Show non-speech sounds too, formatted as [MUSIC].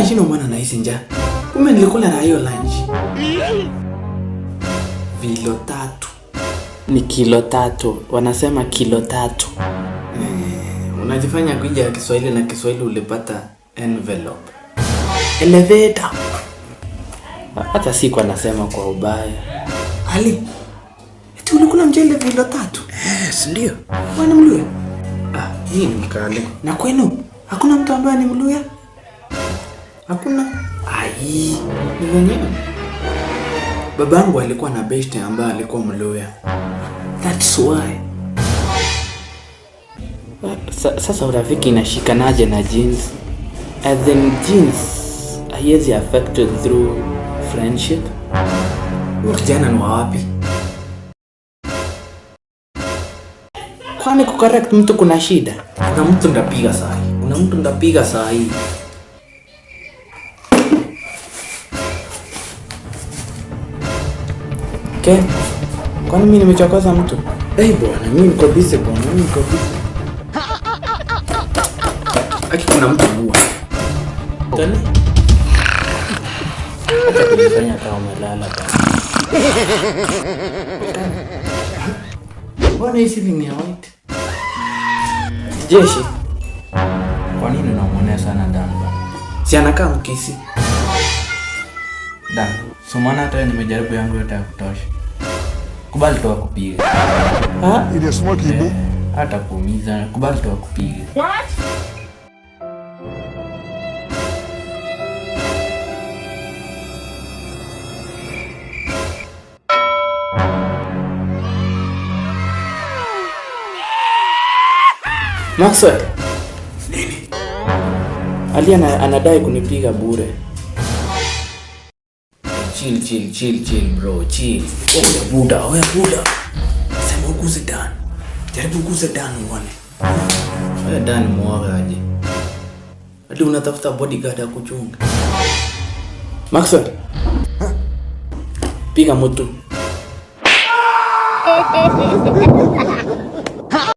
Mbona shina mwana nahisi nja Kumbe nilikula na hiyo lunch. Vilo tatu ni kilo tatu, wanasema kilo tatu. Eh, unajifanya kuija ya Kiswahili na Kiswahili ulipata envelope. Elevator. Hata siku anasema kwa ubaya. Ali, eti ulikula mchele vilo tatu? Yes, eh, ndio. Wana Mluya? Ah, hii ni mkale Na kwenu hakuna mtu ambaye ni Mluya? Hakuna. Ai, ni mwenyewe. Babangu alikuwa na beshte ambaye alikuwa mloya. That's why. sasa urafiki inashikanaje na genes? As in genes haiwezi affected through friendship. Kijana ni wapi? Kwani kukorekt mtu kuna shida? Kuna mtu ndapiga sahi. Kuna mtu ndapiga sahi. Okay. Kwani mimi nimechokoza mtu? Eh, hey, bwana, mimi niko busy bwana, mimi niko busy. Aki kuna mtu huwa. Tani. Acha kunifanya kama umelala bwana. Bwana hii si ni ya white. Jeshi. Kwa nini unamwonea sana Damba? Si anakaa mkisi. Da, sumana hata nimejaribu yangu yote ya kutosha. Kubali tu akupige. Ah, ile smoke ibu. Eh, hata kuumiza, kubali tu akupige. What? Maxwell. Nini? Ali anadai kunipiga bure chill chill chill chill bro chill. Oya buda, oh ya buda. Sema uguze Dan. Jaribu uguze Dan uone. ya Dan mwagaje. Hadi unatafuta bodyguard ya kuchunga. Maxwell. Piga moto. [LAUGHS]